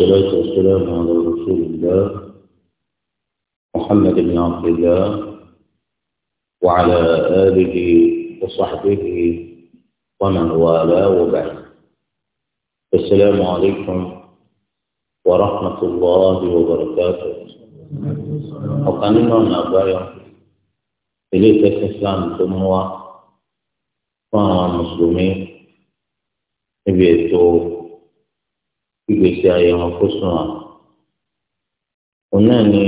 والصلاة والسلام على رسول الله محمد بن عبد الله وعلى آله وصحبه ومن والاه وبعد السلام عليكم ورحمة الله وبركاته ọ̀kan nínú أبايا إليك الإسلام ìtẹ́sí islam مسلمين mú ìgbésí ayé wọn kó sùn wọn. òun náà ni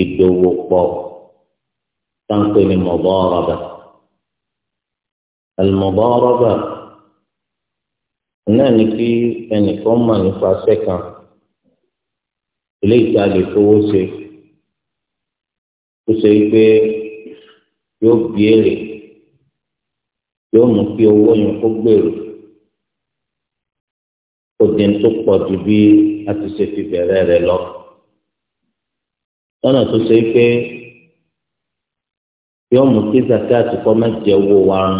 ìdòwò pọ̀ táǹpé ni mọ̀bọ́ọ̀rọ̀bà. àlùmọ̀bọ́ọ̀rọ̀bà òun náà ni kí ẹnìkan mọ̀ nípa sẹ́kàn ilé ìtajà ìfowó ṣe ó ṣe pé yóò bí èrè yóò mú kí owó yẹn kó gbèrò òdin tó pọ̀ ju bí a ti ṣe fi bẹ̀rẹ̀ rẹ̀ lọ. lọ́nà tó ṣe pé yóò mú kí zakat kọ́ má jẹ́ owó wa run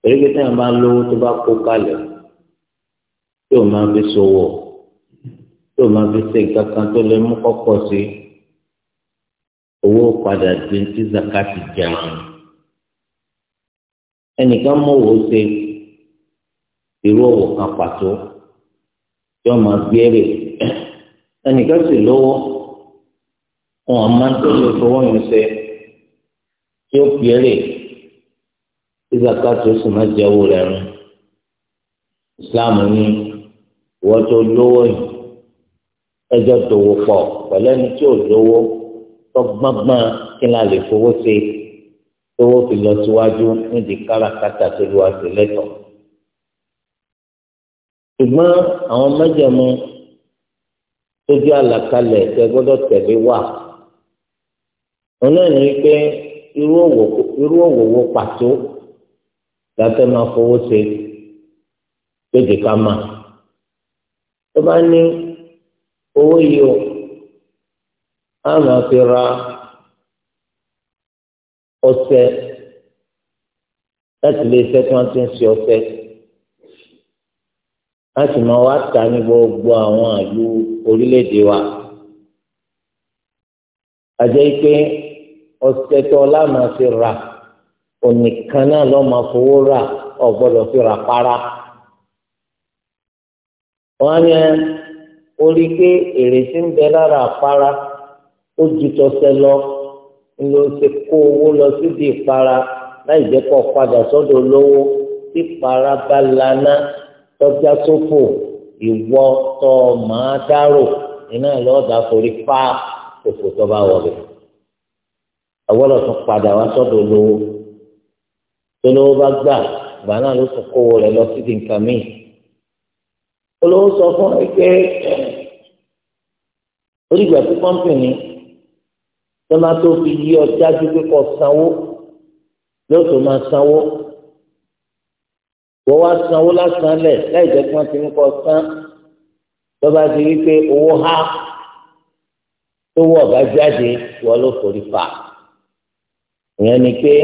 torí pé táyà máa lówó tó bá kó kalẹ̀ yóò máa fi ṣòwò yóò máa fi ṣe nǹkan kan tó lè mú kọ́kọ́ sí owó padà di ti zakat jẹun ẹnìkan mọ̀ wò ó ṣe irú òwò kan pàtó tí wọn máa gbére ẹnìkan sì lówó wọn máa ń tọ́jú fowó yẹn ṣe tí ó gbére tí sì máa jẹ́wó rẹ̀ rún islam ní ìwọ́n tó lówó yìí ẹjọ́ tó wò pọ̀ pẹ̀lú ẹni tí ò lówó tó gbọ́ngbọ́n kí la lè fowó ṣe tó wọ́n fi lọ síwájú nídìí káràkátà tó lù wá ṣùgbọ́n àwọn mẹ́jọ̀mọ́ tó jẹ́ àlàkalẹ̀ tẹ́ gbọ́dọ̀ tẹ̀lé wà wọn náà ní pé irú òwò wo pàtó la fẹ́ máa fowó ṣe lóde ká máa tó bá ní owó yìí o a máa fi ra ọṣẹ láti lè ṣẹ́ tí wọ́n ti ń ṣe ọṣẹ wọ́n sì máa wá ta ní gbogbo àwọn àlù orílẹ̀-èdè wa. àjẹ́ pé ọ̀sẹ̀ tó lámà fi rà ònìkan náà lọ́ máa fowó rà ọ̀gbọ́dọ̀ fi rà para. wọ́n ní orí pé èrè tí ń bẹ lára àpárá ó ju tọ́sẹ̀ lọ ló ṣe kó owó lọ síbi ìpara láì jẹ́ kó padà sọ́dọ̀ olówó tí ìpara bá lana tọ́já sófò ìwọ tọ́ màá dárò iná lọ́ọ̀dà forí fá òfò tó bá wọlé àwọlọ̀ tún padà wá sọ́dọ̀ lówó tó lówó bá gbà gbà náà ló tún kówó rẹ̀ lọ sí nǹkan míì olówó sọ fún ẹ pé onígbà tí kọ́ńpìnì tó máa tó fi yí ọjà ju pé kò sanwó lóòótọ́ máa sanwó wọ́n wá sanwó lásán lẹ̀ láì jẹ́ kí wọ́n ti ń kọ́ sán lọ́ba ti rí pé owó há tó wọ́ ọ̀gá jáde wọ́n ló forí fa ìyẹn ni pé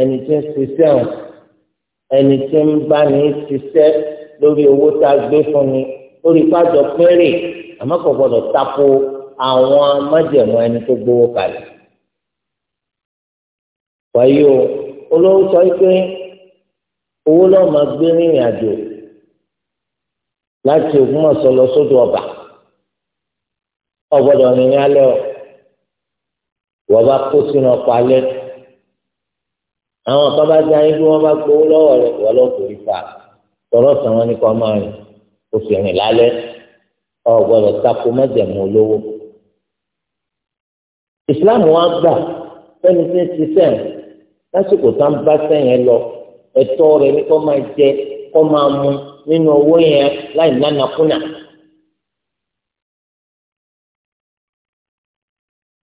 ẹni tí ń ṣiṣẹ́ ọ̀hún ẹni tí ń bá ní ṣiṣẹ́ lórí owó tá a gbé fún ni lórí pàjọ péré àmọ́ kò gbọ́dọ̀ tako àwọn májẹ̀mú ẹni tó gbowó kalẹ̀ wáyé o olówó sọ pé owó náà máa gbé rìnrìn àjò láti Ògbómọ̀ṣọ́ lọ sódò ọba ọgbọ́dọ̀ rìnrìn alẹ́ ọ wọ́n bá kó sínú ọkọ̀ alẹ́ àwọn kan bá dá yín bí wọ́n bá gbowó lọ́wọ́ rẹ̀ wọ́n lọ́ọ́ kò rí fa tọrọ sàn ní kọ́ máa rìn kó sì rìn lálẹ́ ọgbọ́dọ̀ tako mẹ́jẹ̀mú olówó ìsìláàmù wa gbà fẹ́ni tí ń ṣiṣẹ́ lásìkò tá ń bá sẹ́yìn lọ ẹ̀tọ́ rẹ̀ ní kó máa jẹ kó máa mu nínú owó yẹn láì nánàkúnà.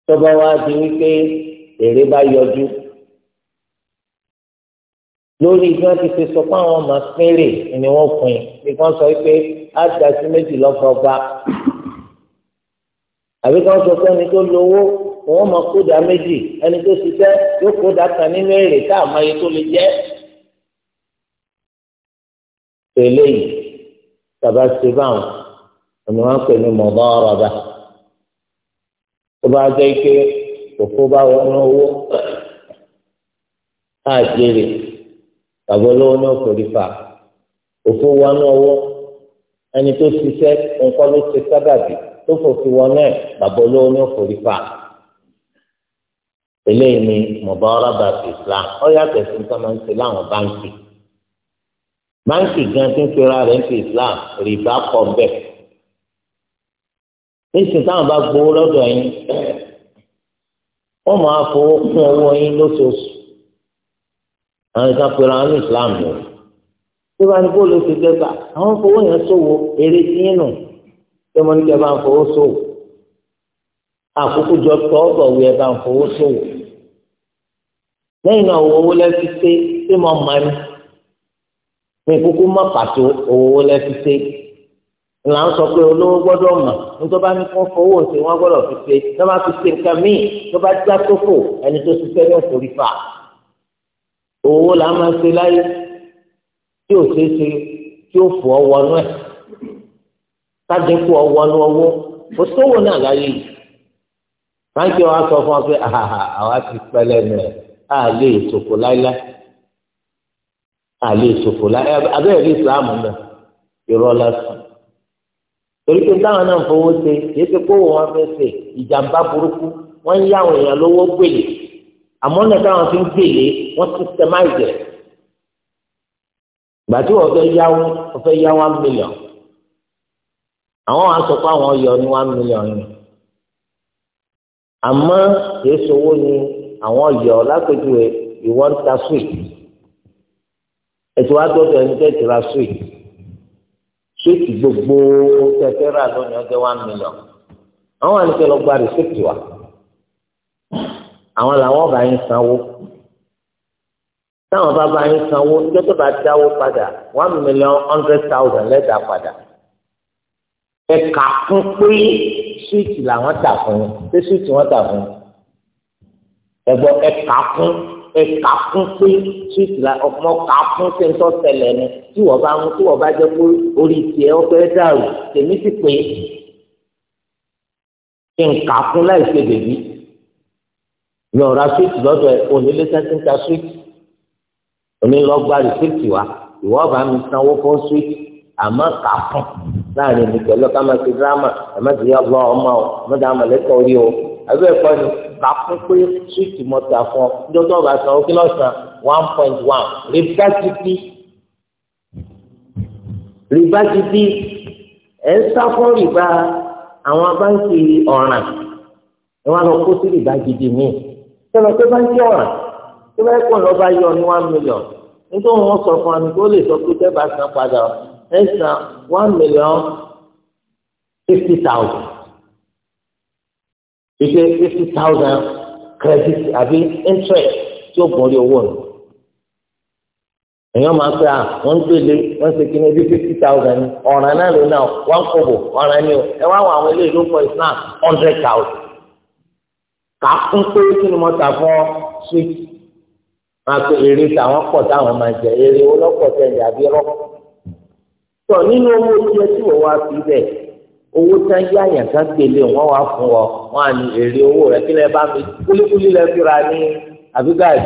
tọ́ba wa di wípé èrè bá yọjú lórí bí wọ́n ti fi sọ pé àwọn máa fẹ́rẹ̀ ni wọ́n pin bí wọ́n sọ wípé á da sí méjì lọ́gbọ̀gba àbí kí wọ́n sọ pé ẹni tó lówó wọ́n máa kó da méjì ẹni tó ṣiṣẹ́ yóò kó da kan nínú èrè tá a máa tó lè jẹ́ eléyìí tàbá ṣe báwọn ọ̀nà wọn pè ní mọ̀dọ́rọ̀bà tó bá jẹ́ pé òfó bá wọnú owó àjèrè tàbí olówó ní òkòrí fà òfó wọnú owó ẹni tó ṣiṣẹ́ nǹkan ló ṣe sábàbí tó fòfi wọnú ẹ̀ tàbí olówó ní òkòrí fà eléyìí ni mọ̀dọ́rọ̀bà Islam ó yàtọ̀ sí nǹkan máa ń ṣe láwọn báńkì báńkì gan tó ń fira rẹ̀ ń fi islam rìbá kọ̀ bẹ́ẹ̀. nísìnyí táwọn bá gbowó lọ́dọ̀ yín wọ́n máa fowó kún owó yín lóṣooṣù àwọn ìtàn fira ní islam ni tí wọ́n á ní kó ló ti dẹ́gbà àwọn fowó yẹn ṣòwò eré tí yín nù tí wọ́n ní kí ẹ bá ń fowó ṣòwò àkókò jọ tọ́ ọ̀bọ̀ wí ẹ bá ń fowó ṣòwò lẹ́yìn náà owó lẹ́sí pé ṣé mo máa ní ní kúkú mọ pàtó owó lẹ́sí ṣe là ń sọ pé olówó gbọ́dọ̀ mọ̀ nítorí bá ní kó fowó ṣe wọ́n gbọ́dọ̀ fi ṣe tó bá fi ṣe nǹkan míì tó bá já sófò ẹni tó ṣiṣẹ́ ní òfòrí fà owó là máa ṣe láyé tí ò ṣeé ṣe tí ó fò ọ wọnú ẹ̀ sádínkù ọ wọnú owó kò sówó náà láyé yìí báńkì wa sọ fún ọ pé àhàhà àwa ti pẹlẹ nù ẹ àá lè àlè ìṣòfò abẹ́rẹ́ ilé ìsìláàmù náà irọ́ lásán torí pé táwọn náà fowó ṣe kìí ṣe kó wọn fẹ́ ṣe ìjàmbá burúkú wọ́n ń yá àwọn èèyàn lówó gbèlè àmọ́ náà táwọn fi ń gbèlè wọ́n systemize rẹ̀ ìgbà tí wọ́n fẹ́ yáwó wọ́n fẹ́ yá one million àwọn wa sọ pé àwọn yọ ní one million ni àmọ́ kìí ṣòwò ni àwọn yọ lápèjúwe ìwọ́n ń ta sweet ẹ̀sùn wa gbọ́dọ̀ ẹni tẹ́ ti ra sweet sweet gbogbo tẹ́tẹ́ rà lónìí ọjọ́ one million àwọn àlùkò lọ gba receipt wa àwọn làwọn bá yín sanwó táwọn bá bá yín sanwó jọ́tọ̀ bá dáwó padà one million hundred thousand lẹ́tà padà ẹ̀ka fún pé sweet làwọn tà fún yín pé sweet wọ́n tà fún yín ẹ̀gbọ́n ẹ̀ka fún yín ẹ̀ka fún pé swiss la ọmọ ká fún pé ń tọ́ tẹ̀lẹ̀ ni tí wọ́n bá ń tí wọ́n bá jẹ́ pé orí tiẹ̀ ọ fẹ́ dàrú tèmi sì pé kí n kà fún láì ṣe bèbí yọ̀ọ̀ra swiss lọ́dọ̀ ẹ̀ onílé sẹ́ńtẹ́ńtà swiss onílọ́gba rìsíìtì wa ìwọ́n bá mi sanwó fún swiss àmọ́ kà fún láàrin ìgbẹ́lọ́ ká máa ṣe dírámà ẹ̀ má ti yọ ọgbọ́n ọmọ ọ mọ́tà àmọ̀lẹ́kọ̀ọ́ o àbẹ́ ni kà fún pé síìtì mọ́tà fún ọ dọ́tọ̀ bá san ó kí lọ́sàn one point one rìbá ti bí rìbá ti bí ẹ̀ ń sá fún rìbá àwọn báńkì ọ̀ràn ẹ wá lọ kó sí rìbá gidi míì sọlọ pé báńkì ọ̀ràn tó bá kọ̀ lọ́ba yọ ní one million nítorí wọn sọ fún mi kó lè sọ pé tẹ́ bá san padà ẹ san one million fifty thousand wípé fifty thousand credit àbí interest tí ó bọ̀ lé owó nù èèyàn máa pẹ́ à wọ́n ń gbélé wọ́n ṣe kíni bí fifty thousand ni ọ̀ràn náà ló náà one kobo ọ̀ràn ni o ẹ wá wọ àwọn eléyìí ló pọ̀ islam hundred thousand kà ń pé kí ni mo ta fún ọ sweet máa pe èrè táwọn pọ̀ táwọn máa jẹ èrè olópọ̀ tẹ̀lé àbí rọ́ tọ̀ nínú owó tí ẹ tí wọ́n wá sí bẹ́ẹ̀ owó tí wọn yá yàn kan gbélé wọn wá fún ọ wọn à ní èrè owó rẹ kí lè bá mi kúlíkúlí lè fira ní àbígáàdì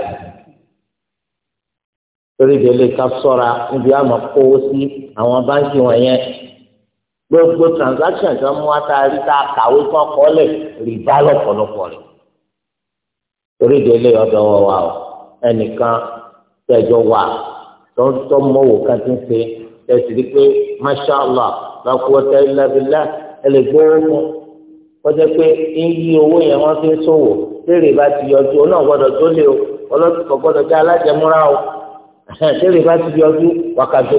torí délé ká ṣọ́ra níbi àmọ́ kówó sí àwọn báńkì wọn yẹn gbogbo transaction tí wọn mú atari tá a kàwé fún ọkọọlẹ rìbá lọ́pọ̀lọpọ̀ rẹ torí délé ọ̀dọ̀ wọn wà ọ ẹnìkan tẹjọ wà tó ń tọ mọwò kan ti ń ṣe tẹ̀sí rí pé masha allah la quwwata illa billah ẹlẹ́ gbówó mú kọjá pé iyì owó yẹn wọ́n fi ń ṣòwò tèrè bá ti yọjú ọ náà gbọ́dọ̀ tó lé o ọlọ́sùkọ̀ gbọ́dọ̀ jẹ́ alájẹmúra o tèrè bá ti yọjú wákàtí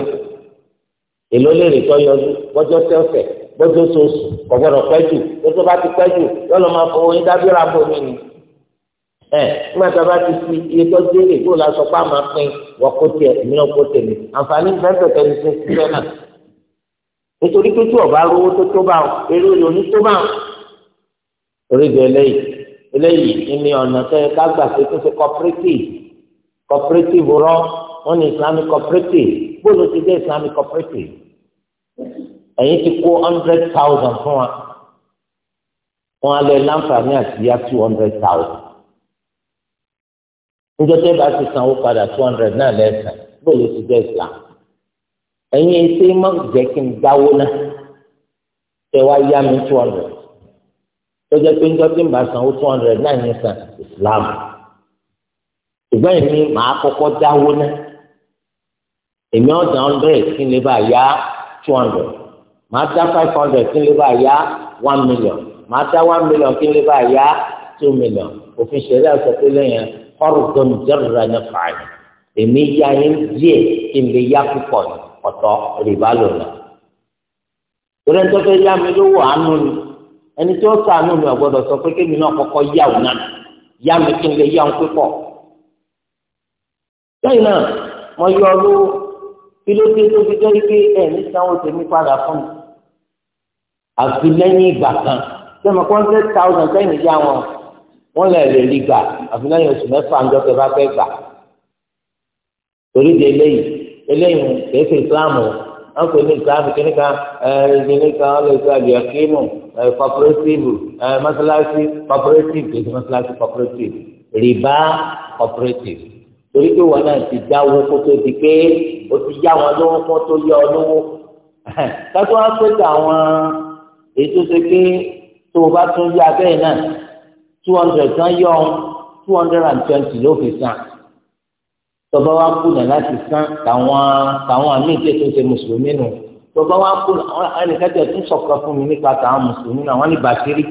èló lèrè tó yọjú gbọ́dọ̀ tẹ́ ọ̀sẹ̀ sọ̀sù kọ̀ pẹ́jù gbọ́dọ̀ bá ti pẹ́jù yọ ẹ nígbà tí a bá ti fi iye tó délé kó la sọ pé a máa pín wọ́n kó tiẹ̀ mìíràn kó tẹ̀lé àǹfààní fẹ́fẹ́ tẹ̀lé sí sísẹ́ náà nítorí pé tí ọba rówó tó tó bá eré ló ní tó bá orí bẹ eléyìí eléyìí ní ọ̀nà tẹ́lẹ̀ ká gbà pé tó ṣe cooperative cooperative rọ wọn ní islamic cooperative gbọ́dọ̀ ti dé islamic cooperative ẹ̀yin ti kó hundred thousand fún wa wọn á láǹfààní àti yá two hundred thousand níjọ́ tẹ́ bá ti sanwó padà two hundred náà lẹ́sàn bóyá o ti jẹ́ islam ẹ̀yin ẹsẹ̀ má jẹ́ kí n dáwó náà tẹ wá yá mi two hundred tó pé níjọ́ tí n bá sanwó two hundred náà ní san islam ṣùgbọ́n èmi màá kọ́kọ́ dáwó náà èmi ọ̀dà hundred kí n lè bá yá two hundred màá dá five hundred kí n lè bá yá one million màá dá one million kí n lè bá yá two million òfin ṣẹlẹ̀ sọ pé lẹ́yìn ọ̀rùn jẹ́rìrà ní fàáyì èmi yá yín díẹ̀ kí n lè yá púpọ̀ ní ọ̀tọ̀ rìbá lòlá. torí ẹni tó fẹ́ yá mi lówó àánú ni ẹni tó sàánú mi ọ̀gbọ́dọ̀ sọ pé kémi náà kọ́kọ́ yá òun náà yá mi kí n lè yá òun púpọ̀. lẹ́yìn náà mo yọ ọ lówó kí ló dé tó fi jẹ́ pé ẹ̀ ní sanwó tèmi padà fún mi. àfi lẹ́yìn ìgbà kan sẹ́mi kọ́ hundred thousand sẹ́yìn ìyá wọn wọ́n lè lè rí gbà àfi lẹ́yìn oṣù mẹ́fà ń dọ́kẹ́ bá fẹ́ gbà torí di eléyìí eléyìí kìí ṣe ìsìláàmù wọn pè ní ìsìláàmù kí nìkan ẹnìkan ọ lè ṣe àlùyàkímù cooperative mọ́sálásí cooperative kìí ṣe mọ́sálásí cooperative rìbá cooperative torí pé wọn náà ti dáwó kó tó di pé o ti yá wọn lówó kó tó yá ọ lówó kátó wá pé àwọn èyí ṣe pé tó o bá tún yá bẹ́ẹ̀ náà two hundred kan yọ ọ́n two hundred and twenty ló fi san tọba wa kùnà láti san tàwọn tàwọn àmì ìtẹ́tù ṣe mùsùlùmí nù tọba wa kùnà ẹnìkan tẹ̀ tún sọ̀kan fún mi nípa tàwọn mùsùlùmí náà wọ́n ní bàtírí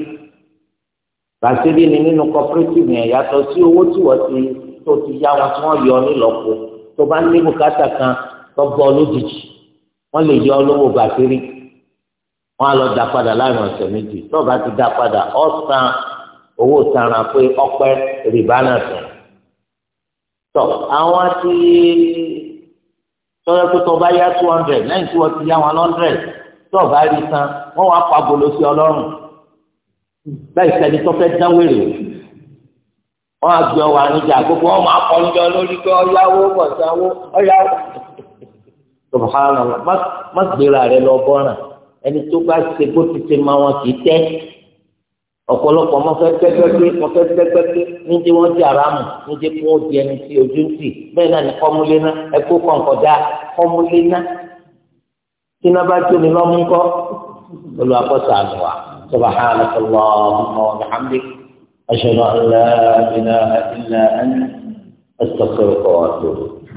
bàtírí ni nínú cooperative yẹn yàtọ̀ sí owó tí wọ́n ti tó ti yá wọn tí wọ́n yọ nílọ́po tó bá ní bùkátà kan tó bọ́ lójijì wọ́n lè yọ lówó bàtírí wọ́n á lọ dá padà láàrin ọ̀sẹ̀ méjì tó bá ti dá padà ọ̀sán owó sara pé ọpẹ rìbá náà sùn tọ àwọn ti tọ́jọ́ pé tọba yá two hundred lẹ́yìn tí wọ́n ti yá one hundred tọ́ọ̀bá rí san wọ́n wá pa bolo sí ọlọ́run láì sẹ́ni tó fẹ́ dán wèrè wọ́n á gbé ọwọ́ àníjà gbogbo wọ́n máa kọ́ níjọ lórí pé ọ̀yáwó bọ̀sánwó ọ̀yáwó subhanallah má gbéra rẹ lọ bọ́ràn ẹni tó bá ṣe bó ti ṣe máa wọn kì í tẹ́ ọ̀pọ̀lọpọ̀ wọn fẹ́ pẹ́pẹ́pẹ́ wọn fẹ́ pẹ́pẹ́pẹ́ níjẹ́ wọn ti aramu níjẹ́ kí wọ́n di ẹni tí ojú ń tì bẹ́ẹ̀ náà ní kọ́múlé ná ẹkú kọ̀ǹkọ̀dá kọ́múlé ná kí náà bá tóni lọ́mú kọ́ olùwàkọ́sọ àgbà subhanaka allahumma wa bihamdik ashhadu an la ilaha illa anta astaghfiruka wa atubu.